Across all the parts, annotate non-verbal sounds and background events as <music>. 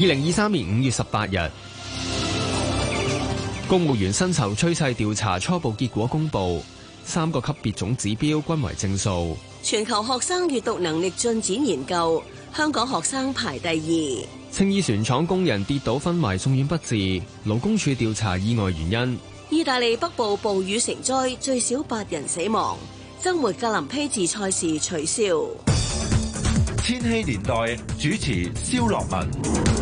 二零二三年五月十八日，公務員薪酬趨勢調查初步結果公布，三個級別總指標均為正數。全球學生閱讀能力進展研究，香港學生排第二。青衣船廠工人跌倒昏迷送院不治，勞工處調查意外原因。意大利北部暴雨成災，最少八人死亡。周末格林披治賽事取消。千禧年代主持蕭樂文。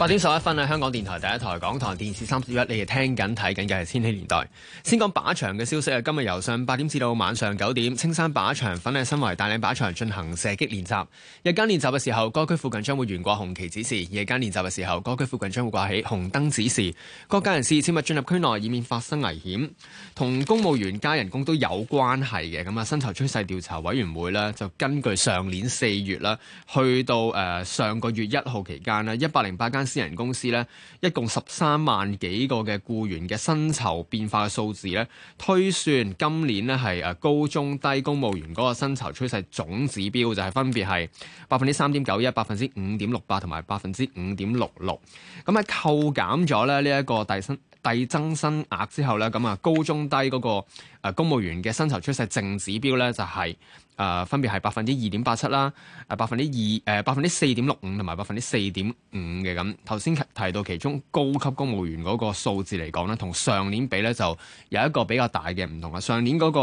八點十一分喺香港電台第一台港台電視三十一，1, 你哋聽緊睇緊嘅係《千禧年代》。先講靶場嘅消息啊，今日由上八點至到晚上九點，青山靶場粉嶺新圍大領靶場進行射擊練習。日間練習嘅時候，該區附近將會懸掛紅旗指示；夜間練習嘅時候，該區附近將會掛起紅燈指示。各界人士切勿進入區內，以免發生危險。同公務員加人工都有關係嘅。咁啊，薪酬趨勢調查委員會呢，就根據上年四月啦，去到誒上個月一號期間咧，一百零八間。私人公司咧，一共十三萬幾個嘅僱員嘅薪酬變化嘅數字咧，推算今年咧係誒高中低公務員嗰個薪酬趨勢總指標就係、是、分別係百分之三點九一、百分之五點六八同埋百分之五點六六。咁喺扣減咗咧呢一個遞增遞增薪額之後咧，咁啊高中低嗰個誒公務員嘅薪酬趨勢淨指標咧就係、是。誒、呃、分別係百分之二點八七啦，誒百分之二，誒百分之四點六五同埋百分之四點五嘅咁。頭先提到其中高級公務員嗰個數字嚟講咧，同上年比咧就有一個比較大嘅唔同啊。上年嗰個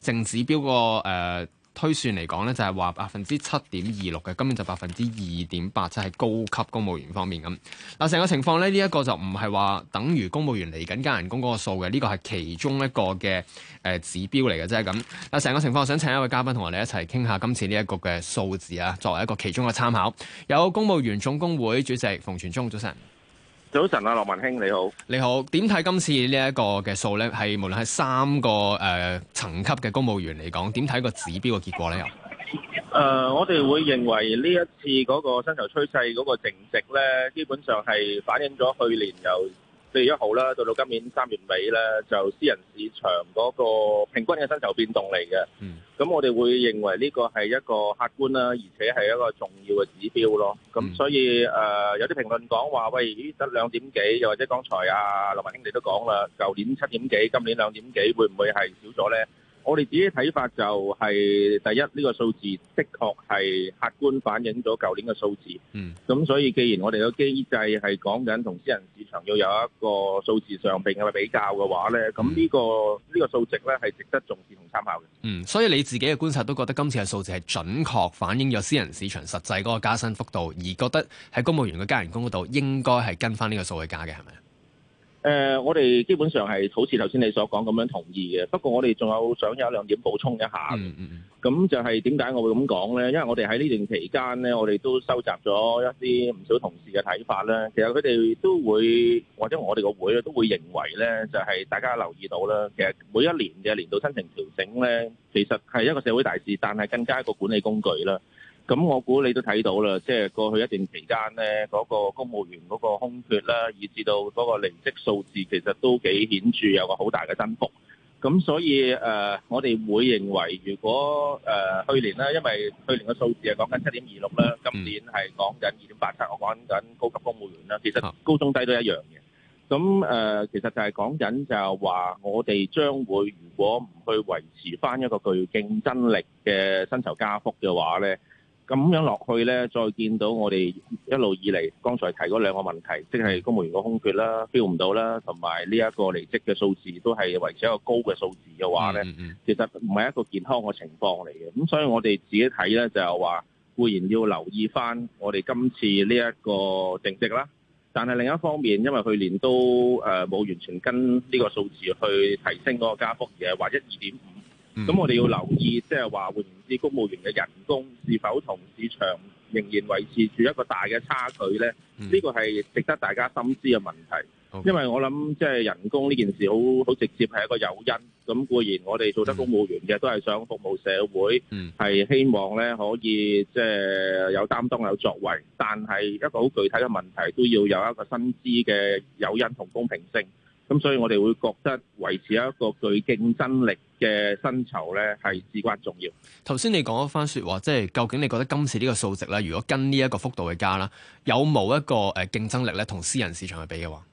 淨指標、那個誒。呃推算嚟講呢就係話百分之七點二六嘅，根本就百分之二點八，即係高級公務員方面咁。嗱，成個情況呢，呢一個就唔係話等於公務員嚟緊加人工嗰個數嘅，呢個係其中一個嘅誒指標嚟嘅啫。咁嗱，成個情況，我想請一位嘉賓同我哋一齊傾下今次呢一個嘅數字啊，作為一個其中嘅參考。有公務員總工會主席馮傳宗，早晨。早晨啊，羅文卿你好，你好。點睇今次呢一個嘅數咧？係無論係三個誒層級嘅公務員嚟講，點睇個指標嘅結果咧？又誒，我哋會認為呢一次嗰個薪酬趨勢嗰個淨值咧，基本上係反映咗去年由四月一號啦，到到今年三月尾咧，就私人市場嗰個平均嘅薪酬變動嚟嘅。嗯。咁我哋會認為呢個係一個客觀啦，而且係一個重要嘅指標咯。咁所以誒、嗯呃，有啲評論講話喂，咦，得兩點幾，又或者剛才阿、啊、林文兄你都講啦，舊年七點幾，今年兩點幾，會唔會係少咗咧？我哋自己睇法就係第一，呢個數字的確係客觀反映咗舊年嘅數字。嗯。咁所以既然我哋個機制係講緊同私人市場要有一個數字上並比較嘅話咧，咁呢個呢個數值咧係值得重視同參考嘅。嗯。所以你自己嘅觀察都覺得今次嘅數字係準確反映咗私人市場實際嗰個加薪幅度，而覺得喺公務員嘅加人工嗰度應該係跟翻呢個數位加嘅，係咪？誒、呃，我哋基本上係好似頭先你所講咁樣同意嘅，不過我哋仲有想有一兩點補充一下。咁就係點解我會咁講咧？因為我哋喺呢段期間咧，我哋都收集咗一啲唔少同事嘅睇法咧。其實佢哋都會或者我哋個會咧都會認為咧，就係、是、大家留意到啦。其實每一年嘅年度薪酬調整咧，其實係一個社會大事，但係更加一個管理工具啦。咁我估你都睇到啦，即係過去一段期間咧，嗰個公務員嗰個空缺咧，以至到嗰個離職數字其實都幾顯著，有個好大嘅增幅。咁所以誒，我哋會認為，如果誒去年咧，因為去年嘅數字係講緊七點二六啦，今年係講緊二點八七，我講緊高級公務員啦，其實高中低都一樣嘅。咁誒，其實就係講緊就係話，我哋將會如果唔去維持返一個具競爭力嘅薪酬加幅嘅話咧。咁樣落去呢，再見到我哋一路以嚟剛才提嗰兩個問題，即係公務員嘅空缺啦、feel 唔到啦，同埋呢一個離職嘅數字都係維持一個高嘅數字嘅話呢，嗯嗯嗯其實唔係一個健康嘅情況嚟嘅。咁所以我哋自己睇呢，就係話固然要留意翻我哋今次呢一個定值啦，但係另一方面，因為去年都誒冇，呃、完全跟呢個數字去提升嗰個加幅，嘅係話一二點五。咁、mm hmm. 我哋要留意，即係話，換言之，公務員嘅人工是否同市場仍然維持住一個大嘅差距咧？呢個係值得大家深思嘅問題，Okay. 因為我諗即係人工呢件事，好好直接係一個誘因。咁固然我哋做得公務員嘅，mm hmm. 都係想服務社會，係、mm hmm. 希望咧可以即係、就是、有擔當有作為，但係一個好具體嘅問題都要有一個薪資嘅誘因同公平性。咁所以，我哋會覺得維持一個具競爭力嘅薪酬咧，係至關重要。頭先你講一番説話，即係究竟你覺得今次呢個數值咧，如果跟呢一個幅度去加啦，有冇一個誒競爭力咧，同私人市場去比嘅話？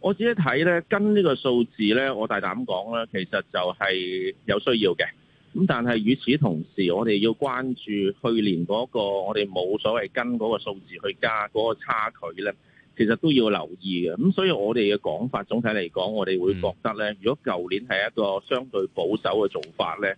我自己睇咧，跟呢個數字咧，我大膽講咧，其實就係有需要嘅。咁但係與此同時，我哋要關注去年嗰個我哋冇所謂跟嗰個數字去加嗰個差距咧。其實都要留意嘅，咁所以我哋嘅講法總體嚟講，我哋會覺得呢：如果舊年係一個相對保守嘅做法呢，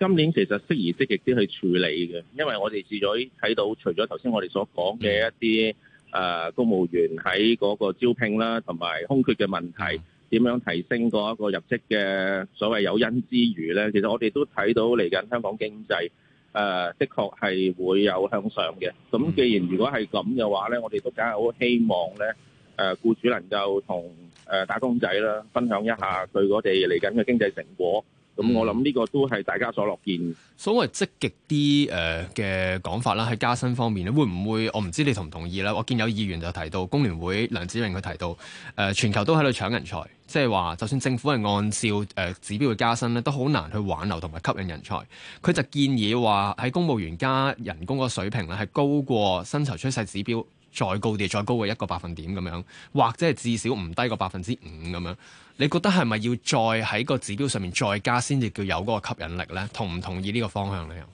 今年其實適宜積極啲去處理嘅，因為我哋試咗睇到，除咗頭先我哋所講嘅一啲誒、呃、公務員喺嗰個招聘啦，同埋空缺嘅問題點樣提升嗰一個入職嘅所謂誘因之餘呢，其實我哋都睇到嚟緊香港經濟。誒、呃，的確係會有向上嘅。咁，既然如果係咁嘅話咧，我哋都梗係好希望咧，誒、呃，僱主能夠同誒、呃、打工仔啦，分享一下佢哋嚟緊嘅經濟成果。咁我諗呢個都係大家所樂見。嗯、所謂積極啲誒嘅講法啦，喺加薪方面咧，會唔會？我唔知你同唔同意啦。我見有議員就提到工聯會梁子榮佢提到，誒、呃、全球都喺度搶人才，即係話就算政府係按照誒指標去加薪咧，都好難去挽留同埋吸引人才。佢就建議話喺公務員加人工個水平咧，係高過薪酬趨勢指標。再高啲，再高嘅一個百分點咁樣，或者係至少唔低過百分之五咁樣，你覺得係咪要再喺個指標上面再加先至叫有嗰個吸引力咧？同唔同意呢個方向咧？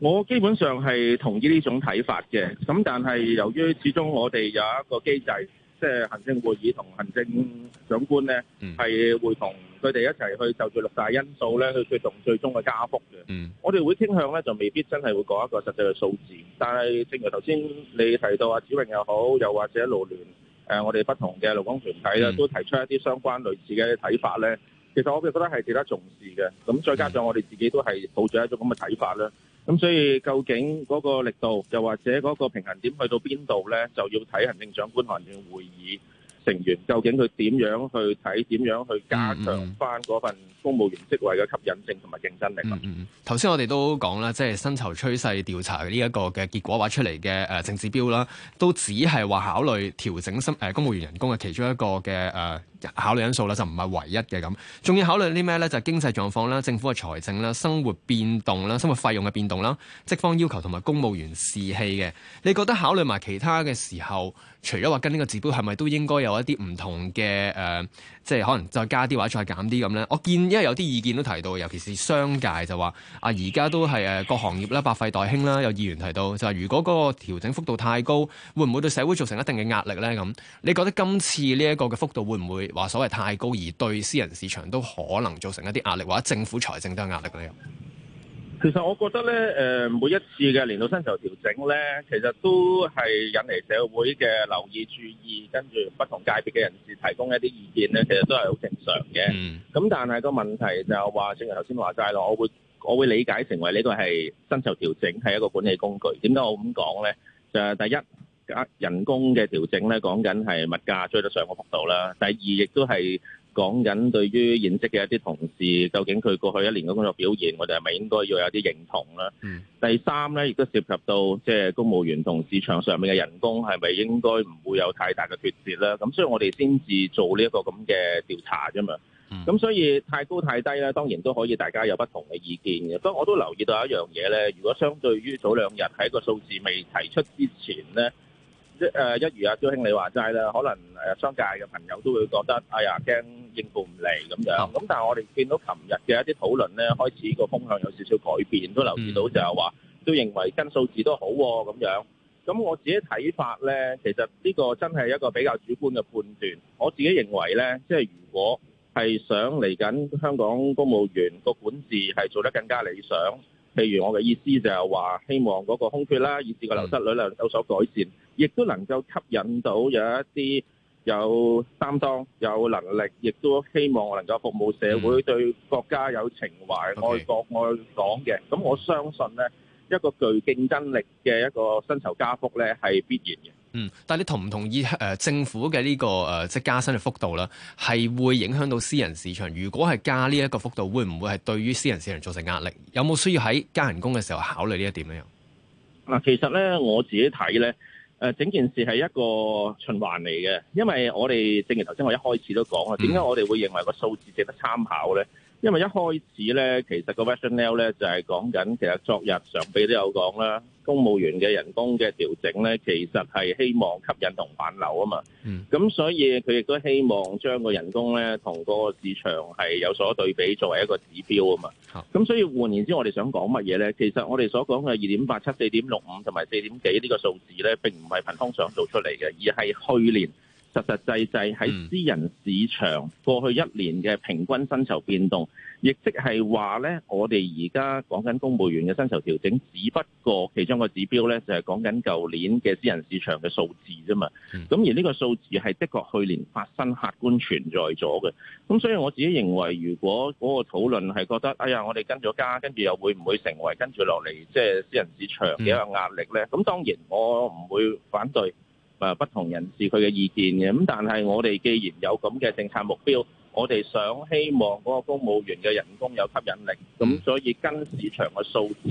我基本上係同意呢種睇法嘅，咁但係由於始終我哋有一個機制。即係行政會議同行政長官咧，係、嗯、會同佢哋一齊去就住六大因素咧去決定最終嘅加幅嘅。嗯、我哋會傾向咧就未必真係會講一個實際嘅數字，但係正如頭先你提到阿子榮又好，又或者勞聯誒我哋不同嘅勞工團體咧，嗯、都提出一啲相關類似嘅睇法咧。其實我哋覺得係值得重視嘅。咁再加上我哋自己都係抱住一種咁嘅睇法咧。咁所以究竟嗰個力度，又或者嗰個平衡點去到邊度咧，就要睇行政長官行政會議成員究竟佢點樣去睇？點樣去加強翻嗰份公務員職位嘅吸引性同埋競爭力？嗯 <music> 嗯。頭、嗯、先、嗯、我哋都講啦，即係薪酬趨勢調查呢一個嘅結果話出嚟嘅誒淨指標啦，都只係話考慮調整薪誒公務員人工嘅其中一個嘅誒、呃、考慮因素啦，就唔係唯一嘅咁。仲要考慮啲咩咧？就係、經濟狀況啦、政府嘅財政啦、生活變動啦、生活費用嘅變動啦、職方要求同埋公務員士氣嘅。你覺得考慮埋其他嘅時候，除咗話跟呢個指標，係咪都應該有？一啲唔同嘅誒、呃，即係可能再加啲或者再減啲咁咧。我見，因為有啲意見都提到，尤其是商界就話啊，而家都係誒、呃、各行業咧，百廢待興啦。有議員提到就係如果嗰個調整幅度太高，會唔會對社會造成一定嘅壓力咧？咁你覺得今次呢一個嘅幅度會唔會話所謂太高，而對私人市場都可能造成一啲壓力，或者政府財政都有壓力咧？其實我覺得咧，誒，每一次嘅年度薪酬調整咧，其實都係引嚟社會嘅留意注意，跟住不同界別嘅人士提供一啲意見咧，其實都係好正常嘅。嗯。咁但係個問題就係話，正如頭先話齋咯，我會我會理解成為呢個係薪酬調整係一個管理工具。點解我咁講咧？就係第一，人工嘅調整咧，講緊係物價追得上個幅度啦。第二，亦都係。講緊對於現職嘅一啲同事，究竟佢過去一年嘅工作表現，我哋係咪應該要有啲認同啦？嗯、第三呢，亦都涉及到即係、就是、公務員同市場上面嘅人工係咪應該唔會有太大嘅脫節呢？咁所以我哋先至做呢一個咁嘅調查啫嘛。咁、嗯、所以太高太低呢，當然都可以大家有不同嘅意見嘅。不過我都留意到一樣嘢呢，如果相對於早兩日喺一個數字未提出之前呢。誒，一如阿朱兄你話齋啦，可能誒商界嘅朋友都會覺得哎呀，驚應付唔嚟咁樣。咁但係我哋見到琴日嘅一啲討論咧，開始個風向有少少改變，都留意到就係話都認為跟數字都好喎咁樣。咁我自己睇法咧，其實呢個真係一個比較主觀嘅判斷。我自己認為咧，即係如果係想嚟緊香港公務員個管治係做得更加理想，譬如我嘅意思就係話，希望嗰個空缺啦，以至個流失率咧有所改善。亦都能夠吸引到有一啲有擔當有能力，亦都希望能夠服務社會對國家有情懷、嗯、愛國 Okay. 愛港嘅。咁我相信咧，一個具競爭力嘅一個薪酬加幅咧，係必然嘅。嗯，但係你同唔同意誒、呃、政府嘅呢、呢個誒、呃、即係加薪嘅幅度啦，係會影響到私人市場，如果係加呢一個幅度，會唔會，係對於私人市場造成壓力？有冇需要喺加人工嘅時候考慮呢一點咧？又嗱，其實咧，我自己睇咧。誒，整件事係一個循環嚟嘅，因為我哋正如頭先我一開始都講啦，點解我哋會認為個數字值得參考咧？因為一開始咧，其實個 rationale 咧就係、是、講緊，其實昨日常備都有講啦，公務員嘅人工嘅調整咧，其實係希望吸引同挽留啊嘛。咁、嗯嗯、所以佢亦都希望將個人工咧同嗰個市場係有所對比作為一個指標啊嘛。咁、嗯、所以換言之，我哋想講乜嘢咧？其實我哋所講嘅二點八七、四點六五同埋四點幾呢個數字咧，並唔係憑空想做出嚟嘅，而係去年，實實際際喺私人市場過去一年嘅平均薪酬變動，亦即係話呢，我哋而家講緊公務員嘅薪酬調整，只不過其中個指標呢，就係講緊舊年嘅私人市場嘅數字啫嘛。咁而呢個數字係的確去年發生、客觀存在咗嘅。咁所以我自己認為，如果嗰個討論係覺得，哎呀，我哋跟咗加，跟住又會唔會成為跟住落嚟即係私人市場嘅一個壓力呢？咁當然我唔會反對。誒，不同人士佢嘅意見嘅，咁但係我哋既然有咁嘅政策目標，我哋想希望嗰個公務員嘅人工有吸引力，咁所以跟市場嘅數字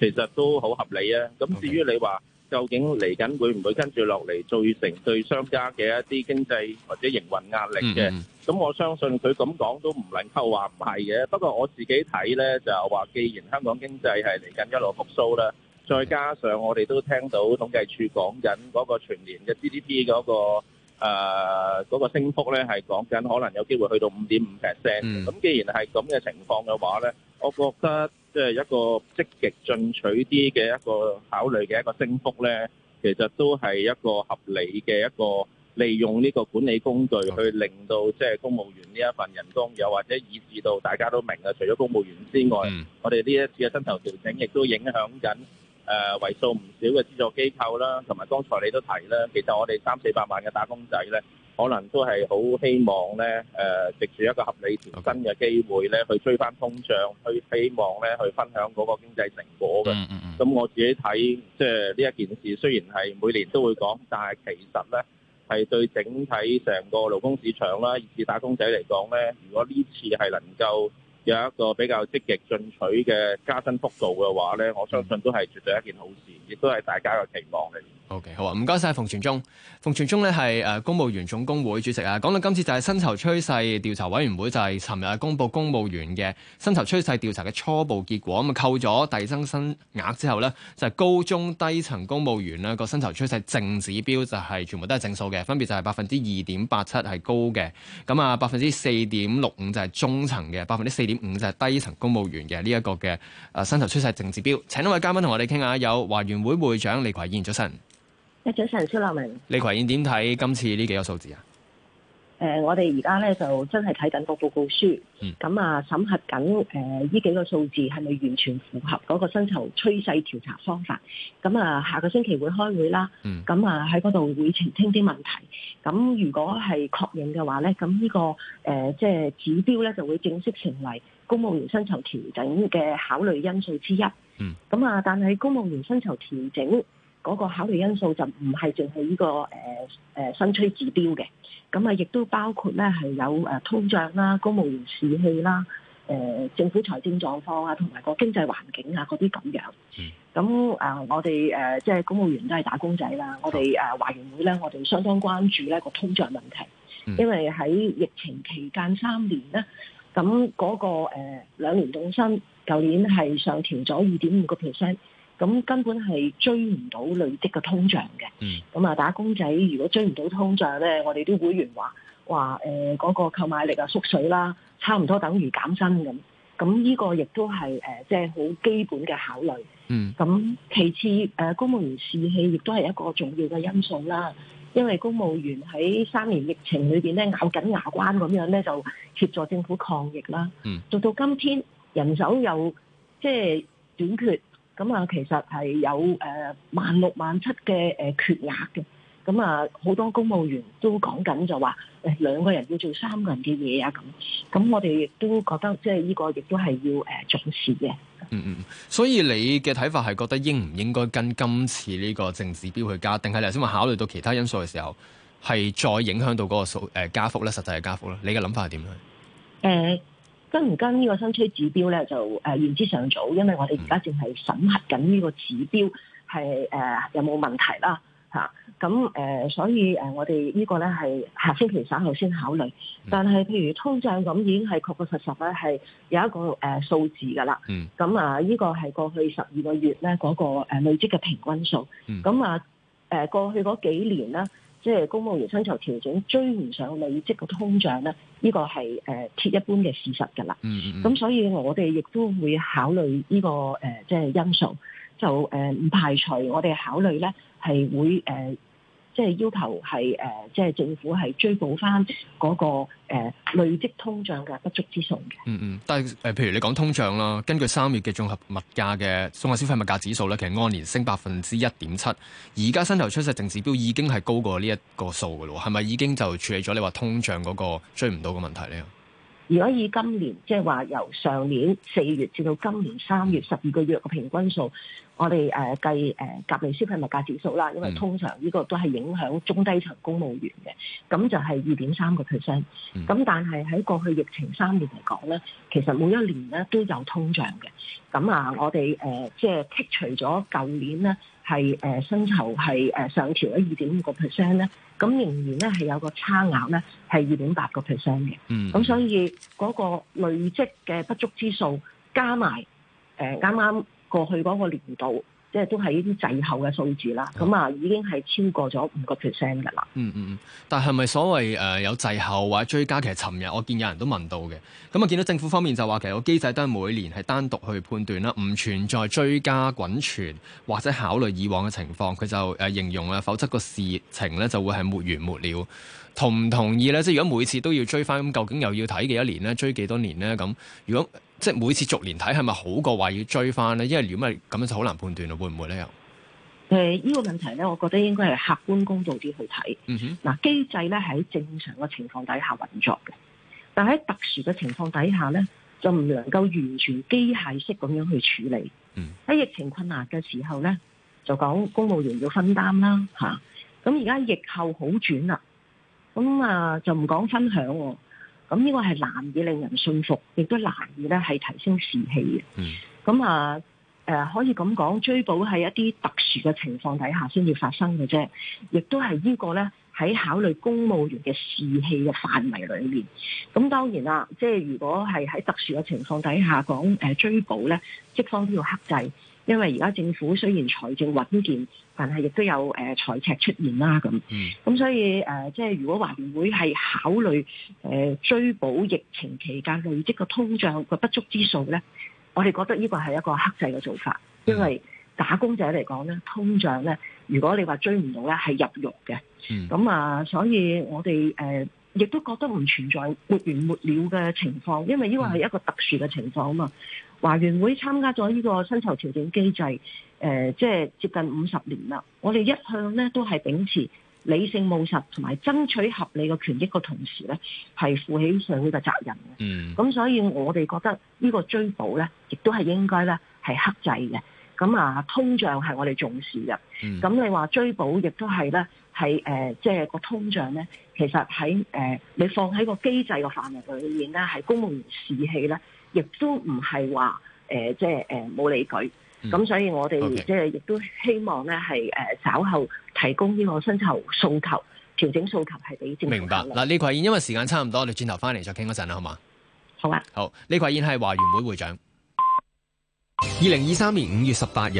其實都好合理啊。咁至於你話究竟嚟緊會唔會跟住落嚟造成對商家嘅一啲經濟或者營運壓力嘅，咁我相信佢咁講都唔能夠話唔係嘅。不過我自己睇咧就係話，既然香港經濟係嚟緊一路復甦啦。再加上我哋都聽到統計處講緊嗰個全年嘅 GDP 嗰個誒嗰、呃嗰個升幅咧，係講緊可能有機會去到五點五 percent。咁、mm. 既然係咁嘅情況嘅話咧，我覺得即係一個積極進取啲嘅一個考慮嘅一個升幅咧，其實都係一個合理嘅一個利用呢個管理工具去令到即係公務員呢一份人工，又或者以至到大家都明啊，除咗公務員之外，mm. 我哋呢一次嘅薪酬調整亦都影響緊。誒為數唔少嘅資助機構啦，同埋剛才你都提啦，其實我哋三四百萬嘅打工仔咧，可能都係好希望咧，誒，藉住一個合理調薪嘅機會咧，去追翻通脹，去希望咧，去分享嗰個經濟成果嘅。嗯嗯嗯。咁我自己睇，即係呢一件事，雖然係每年都會講，但係其實咧，係對整體成個勞工市場啦，以至打工仔嚟講咧，如果呢次係能夠，有一個比較積極進取嘅加薪幅度嘅話呢我相信都係絕對一件好事，亦都係大家嘅期望嚟。OK，好啊，唔該晒，馮傳宗。馮傳宗呢係誒公務員總工會主席啊。講到今次就係薪酬趨勢調查委員會，就係尋日公布公務員嘅薪酬趨勢調查嘅初步結果。咁啊，扣咗遞增薪額之後呢，就係高中低層公務員啦個薪酬趨勢正指標就係全部都係正數嘅，分別就係百分之二點八七係高嘅，咁啊百分之四點六五就係中層嘅，百分之四點。五就係低層公務員嘅呢一個嘅誒薪酬趨勢淨指標，請一位嘉賓同我哋傾下，有華員會會長利葵燕，早晨。誒早晨，朱樂明。利葵燕，點睇今次呢幾個數字啊？誒、呃，我哋而家咧就真係睇緊個報告書，咁啊審核緊誒呢幾個數字係咪完全符合嗰個薪酬趨勢調查方法。咁啊，下個星期會開會啦，咁啊喺嗰度會澄清啲問題。咁如果係確認嘅話咧，咁呢、這個誒即係指標咧就會正式成為公務員薪酬調整嘅考慮因素之一。嗯，咁啊，但係公務員薪酬調整。嗰個考慮因素就唔係淨係呢個誒誒薪趨指標嘅，咁啊亦都包括咧係有誒通脹啦、公務員士氣啦、誒、呃、政府財政狀況啊、同埋個經濟環境啊嗰啲咁樣。咁啊、嗯呃，我哋誒即係公務員都係打工仔啦、嗯呃。我哋誒華員會咧，我哋相當關注咧個通脹問題，因為喺疫情期間三年咧，咁嗰、那個誒、呃、兩年凍薪，舊年係上調咗二點五個 percent。咁根本係追唔到累積嘅通脹嘅，咁啊、嗯、打工仔如果追唔到通脹咧，我哋啲會員話話誒嗰個購買力啊縮水啦，差唔多等於減薪咁。咁、那、呢個亦都係誒即係好基本嘅考慮。咁、嗯、其次誒、呃、公務員士氣亦都係一個重要嘅因素啦，因為公務員喺三年疫情裏邊咧咬緊牙關咁樣咧，就協助政府抗疫啦。做、嗯、到今天人手又即係短缺。咁啊，其實係有誒萬六萬七嘅誒缺額嘅，咁啊好多公務員都講緊就話誒兩個人要做三個人嘅嘢啊咁，咁我哋亦都覺得即係呢個亦都係要誒重視嘅。嗯嗯，所以你嘅睇法係覺得應唔應該跟今次呢個淨指標去加，定係你頭先話考慮到其他因素嘅時候，係再影響到嗰個數誒加幅咧，實際嘅加幅咧？你嘅諗法係點樣呢？嗯。跟唔跟呢個薪趨指標咧，就誒、呃、言之尚早，因為我哋而家淨係審核緊呢個指標係誒、呃、有冇問題啦嚇。咁、啊、誒、呃、所以誒我哋呢個咧係下星期稍後先考慮。但係譬如通脹咁，已經係確確實實咧係有一個誒、呃、數字㗎啦。咁、嗯、啊，呢個係過去十二個月咧嗰個誒累積嘅平均數。咁啊誒過去嗰幾年咧。即係公務員薪酬調整追唔上累積嘅通脹咧，呢、這個係誒、呃、鐵一般嘅事實㗎啦。咁 <noise> 所以我哋亦都會考慮呢、這個誒、呃，即係因素，就誒唔、呃、排除我哋考慮咧係會誒。呃即係要求係誒，即、呃、係政府係追補翻嗰個、呃、累積通脹嘅不足之數嘅。嗯嗯，但係誒，譬、呃、如你講通脹啦，根據三月嘅綜合物價嘅綜合消費物價指數咧，其實按年升百分之一點七，而家新頭出世淨指標已經係高過呢一個數嘅咯，係咪已經就處理咗你話通脹嗰個追唔到嘅問題咧？如果以今年即係話由上年四月至到今年三月十二個月嘅平均數。我哋誒、呃、計誒、呃、甲類消費物價指數啦，因為通常呢個都係影響中低層公務員嘅，咁就係二點三個 percent。咁但係喺過去疫情三年嚟講咧，其實每一年咧都有通脹嘅。咁啊，我哋誒即係剔除咗舊年咧係誒薪酬係誒上調咗二點五個 percent 咧，咁仍然咧係有個差額咧係二點八個 percent 嘅。嗯，咁所以嗰個累積嘅不足之數加埋誒啱啱，呃啱啱過去嗰個年度，即係都係呢啲滯後嘅數字啦。咁啊，已經係超過咗五個 percent 嘅啦。嗯嗯嗯。但係咪所謂誒、呃、有滯後或者追加？其實尋日我見有人都問到嘅。咁、嗯、啊，見到政府方面就話其實個機制都係每年係單獨去判斷啦，唔存在追加滾存或者考慮以往嘅情況。佢就誒、呃、形容啊，否則個事情咧就會係沒完沒了。同唔同意咧？即係如果每次都要追翻，咁究竟又要睇幾多年咧？追幾多年咧？咁如果？即係每次逐年睇係咪好過話要追翻咧？因為如果咪咁樣就好難判斷咯，會唔會咧又？誒、呃，呢、呢個問題咧，我覺得應該係客觀公道啲去睇。嗯哼。嗱、啊，機制咧喺正常嘅情況底下運作嘅，但喺特殊嘅情況底下咧，就唔能夠完全機械式咁樣去處理。嗯。喺疫情困難嘅時候咧，就講公務員要分擔啦，吓、啊。咁而家疫後好轉啦，咁啊就唔講分享、啊。咁呢個係難以令人信服，亦都難以咧係提升士氣嘅。咁、嗯、啊，誒、呃、可以咁講，追捕係一啲特殊嘅情況底下先要發生嘅啫，亦都係呢個咧喺考慮公務員嘅士氣嘅範圍裏面。咁、嗯、當然啦、啊，即係如果係喺特殊嘅情況底下講誒、呃、追捕咧，職方都要克制。因為而家政府雖然財政穩健，但係亦都有誒、呃、財赤出現啦咁。咁、嗯、所以誒、呃，即係如果話會係考慮誒、呃、追補疫情期間累積嘅通脹嘅不足之數咧，我哋覺得呢個係一個克制嘅做法，嗯、因為打工者嚟講咧，通脹咧，如果你話追唔到咧，係入獄嘅。咁、嗯、啊，所以我哋誒亦都覺得唔存在沒完沒了嘅情況，因為呢個係一個特殊嘅情況啊嘛。華員會參加咗呢個薪酬調整機制，誒、呃，即係接近五十年啦。我哋一向咧都係秉持理性務實同埋爭取合理嘅權益嘅同時咧，係負起社會嘅責任嘅。嗯。咁所以我哋覺得呢個追補咧，亦都係應該咧，係克制嘅。咁啊，通脹係我哋重視嘅。嗯。咁你話追補亦都係咧，係誒、呃，即係個通脹咧，其實喺誒、呃，你放喺個機制嘅範圍裏面咧，係公務員士氣咧。亦都唔係話誒，即係誒冇理佢。咁、嗯、所以我哋 Okay. 即係亦都希望呢係誒稍後提供呢個薪酬訴求調整訴求，係俾明白。嗱，利葵燕，因為時間差唔多，你哋轉頭翻嚟再傾嗰陣啦，好嘛？好啊。好，利葵燕係華員會會長。二零二三年五月十八日，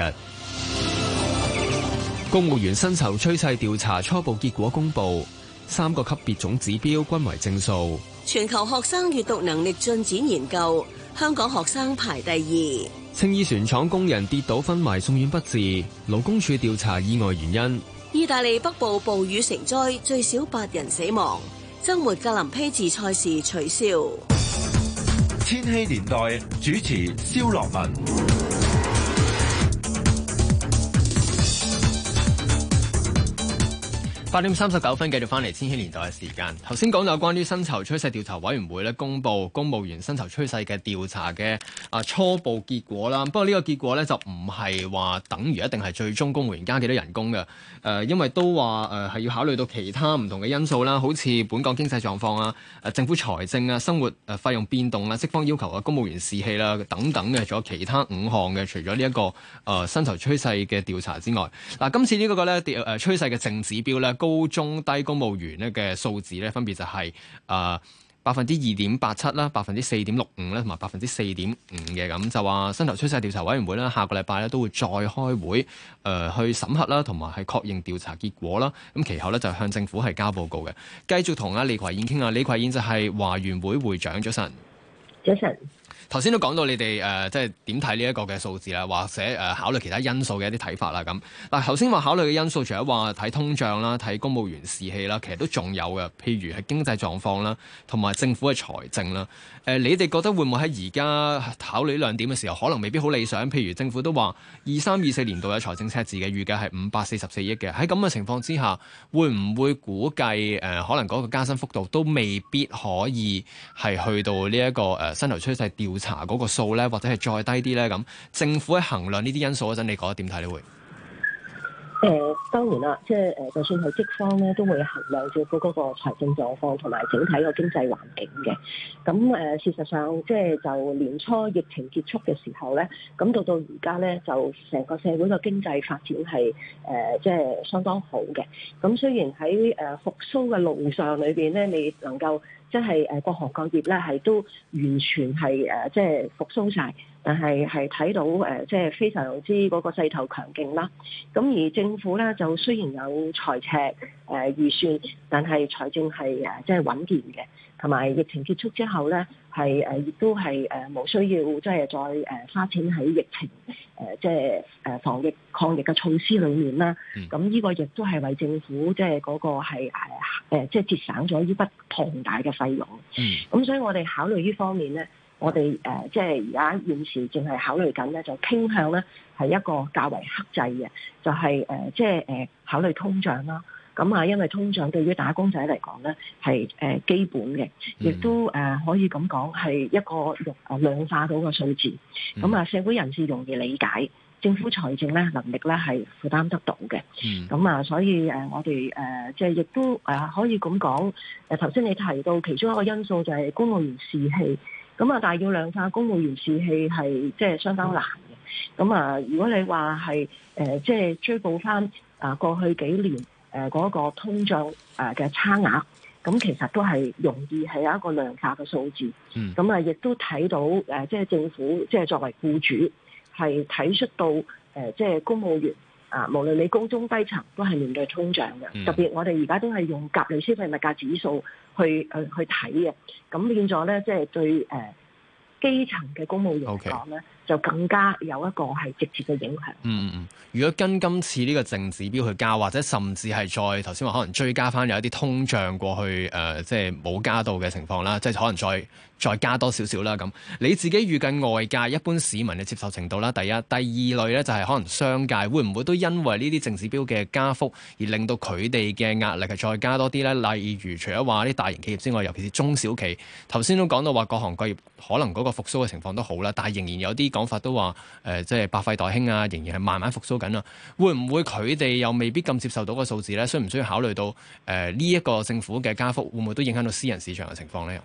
公務員薪酬趨勢調查初步結果公布，三個級別總指標均為正數。全球學生閱讀能力進展研究。香港學生排第二。青衣船廠工人跌倒昏迷送院不治，勞工處調查意外原因。意大利北部暴雨成災，最少八人死亡。周末格林披治賽事取消。千禧年代主持蕭樂文。八點三十九分，繼續返嚟千禧年代嘅時間。頭先講到關於薪酬趨勢調查委員會咧，公布公務員薪酬趨勢嘅調查嘅啊初步結果啦。不過呢個結果呢，就唔係話等於一定係最終公務員加幾多人工嘅。誒，因為都話誒係要考慮到其他唔同嘅因素啦，好似本港經濟狀況啊、政府財政啊、生活誒費用變動啊、職方要求啊、公務員士氣啦等等嘅，仲有其他五項嘅，除咗呢一個誒薪酬趨勢嘅調查之外，嗱，今次呢嗰個咧調誒趨勢嘅正指標呢。高中低公務員咧嘅數字咧，分別就係誒百分之二點八七啦，百分之四點六五啦同埋百分之四點五嘅。咁就話薪酬趨勢調查委員會咧，下個禮拜咧都會再開會誒、呃、去審核啦，同埋係確認調查結果啦。咁其後咧就向政府係交報告嘅。繼續同阿利葵燕傾啊。利葵燕就係華員會會長，早晨。早晨。頭先都講到你哋誒、呃，即係點睇呢一個嘅數字啦，或者誒、呃、考慮其他因素嘅一啲睇法啦咁。嗱頭先話考慮嘅因素，除咗話睇通脹啦、睇公務員士氣啦，其實都仲有嘅，譬如係經濟狀況啦，同埋政府嘅財政啦。誒、呃，你哋覺得會唔會喺而家考慮呢兩點嘅時候，可能未必好理想？譬如政府都話二三二四年度有財政赤字嘅預計係五百四十四億嘅。喺咁嘅情況之下，會唔會估計誒、呃、可能嗰個加薪幅度都未必可以係去到呢、這、一個誒薪酬趨勢調呃查嗰個數咧，或者係再低啲咧，咁政府喺衡量呢啲因素嗰陣，你覺得點睇咧？你會誒、呃，當然啦，即係誒，就算係職方咧，都會衡量政府嗰個財政狀況同埋整體個經濟環境嘅。咁誒、呃，事實上，即係就年初疫情結束嘅時候咧，咁到到而家咧，就成個社會個經濟發展係誒、呃，即係相當好嘅。咁雖然喺誒復甦嘅路上裏邊咧，你能夠。即係誒各行各業咧，係都完全係誒，即、啊、係復甦晒。但係係睇到誒，即、呃、係非常之嗰個勢頭強勁啦。咁而政府咧就雖然有財赤誒、呃、預算，但係財政係誒、呃、即係穩健嘅。同埋疫情結束之後咧，係誒亦都係誒冇需要即係再誒花錢喺疫情誒、呃、即係誒防疫抗疫嘅措施裡面啦。咁呢、嗯、個亦都係為政府即係嗰個係誒、啊、即係節省咗呢筆龐大嘅費用。咁所以我哋考慮呢方面咧。我哋誒即係而家現時淨係考慮緊咧，就傾向咧係一個較為克制嘅，就係誒即係誒考慮通脹啦。咁啊，因為通脹對於打工仔嚟講咧係誒基本嘅，亦都誒可以咁講係一個用啊量化到嘅數字。咁啊，社會人士容易理解，政府財政咧能力咧係負擔得到嘅。咁啊，所以誒我哋誒即係亦都誒可以咁講。誒頭先你提到其中一個因素就係公務員士氣。咁啊，但係要量化公務員士氣係即係相當難嘅。咁啊，如果你話係誒，即、呃、係、就是、追捕翻啊過去幾年誒嗰、呃那個通脹誒嘅、呃、差額，咁其實都係容易係有一個量化嘅數字。咁啊、嗯，亦、嗯、都睇到誒，即、呃、係、就是、政府即係、就是、作為雇主，係睇出到誒，即、呃、係、就是、公務員。啊，無論你高中低層都係面對通脹嘅，嗯、特別我哋而家都係用甲類消費物價指數去誒、呃、去睇嘅，咁變咗咧，即、就、係、是、對誒、呃、基層嘅公務員講咧。Okay. 就更加有一個係直接嘅影響。嗯嗯嗯，如果跟今次呢個淨指標去加，或者甚至係再頭先話可能追加翻有一啲通脹過去誒、呃、即係冇加到嘅情況啦，即係可能再再加多少少啦咁。你自己預計外界一般市民嘅接受程度啦，第一，第二類咧就係、是、可能商界會唔會都因為呢啲淨指標嘅加幅而令到佢哋嘅壓力係再加多啲咧？例如，除咗話啲大型企業之外，尤其是中小企，頭先都講到話各行各業可能嗰個復甦嘅情況都好啦，但係仍然有啲講法都話誒、呃，即係百廢待興啊，仍然係慢慢復甦緊啊。會唔會佢哋又未必咁接受到個數字咧？需唔需要考慮到誒呢一個政府嘅加幅，會唔會都影響到私人市場嘅情況咧？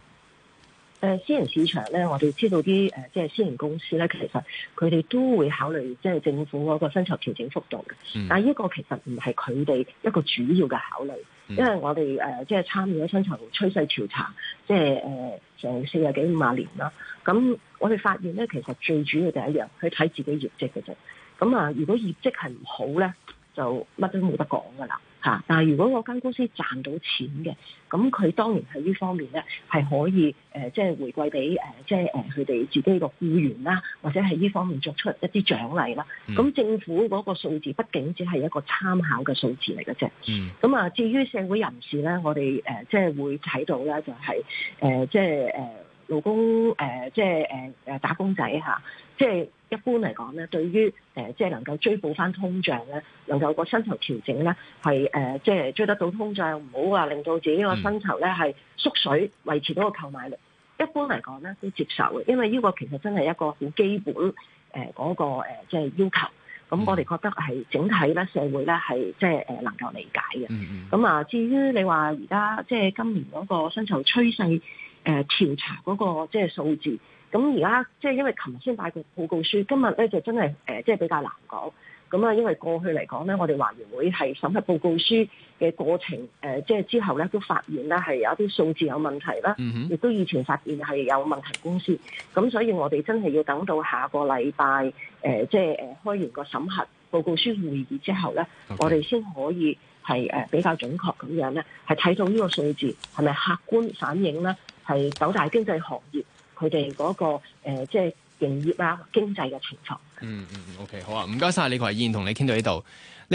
誒，私人市場咧，我哋知道啲誒、呃，即係私營公司咧，其實佢哋都會考慮即係政府嗰個薪酬調整幅度嘅。但係呢個其實唔係佢哋一個主要嘅考慮，因為我哋誒、嗯呃、即係參與咗薪酬趨勢調查，即係誒成四十幾五十年啦，咁。我哋發現咧，其實最主要就一樣，去睇自己業績嘅啫。咁啊，如果業績係唔好咧，就乜都冇得講噶啦嚇。但係如果嗰間公司賺到錢嘅，咁佢當然喺呢方面咧係可以誒，即係回饋俾誒，即係誒佢哋自己個僱員啦，或者喺呢方面作出一啲獎勵啦。咁、mm. 政府嗰個數字，畢竟只係一個參考嘅數字嚟嘅啫。咁啊，至於社會人士咧，我哋誒、就係呃、即係會睇到咧，就係誒即係誒。老公誒，即係誒誒打工仔嚇，即係一般嚟講咧，對於誒即係能夠追補翻通脹咧，能夠個薪酬調整咧，係誒即係追得到通脹，唔好話令到自己個薪酬咧係縮水，維持到個購買力。一般嚟講咧都接受嘅，因為呢個其實真係一個好基本誒嗰個誒即係要求。咁我哋覺得係整體咧社會咧係即係誒能夠理解嘅。咁啊，至於你話而家即係今年嗰個薪酬趨勢。誒、呃、調查嗰、那個即係數字，咁而家即係因為琴日先擺個報告書，今日咧就真係誒、呃、即係比較難講。咁啊，因為過去嚟講咧，我哋華員會係審核報告書嘅過程，誒、呃、即係之後咧都發現咧係有啲數字有問題啦，亦、mm hmm. 都以前發現係有問題公司。咁所以我哋真係要等到下個禮拜誒，即係誒開完個審核報告書會議之後咧，Okay. 我哋先可以係誒比較準確咁樣咧，係睇到呢個數字係咪客觀反映咧。係九大經濟行業，佢哋嗰個誒、呃，即係營業啊，經濟嘅情況。嗯嗯，OK，好啊，唔該晒。利葵燕，同你傾到呢度。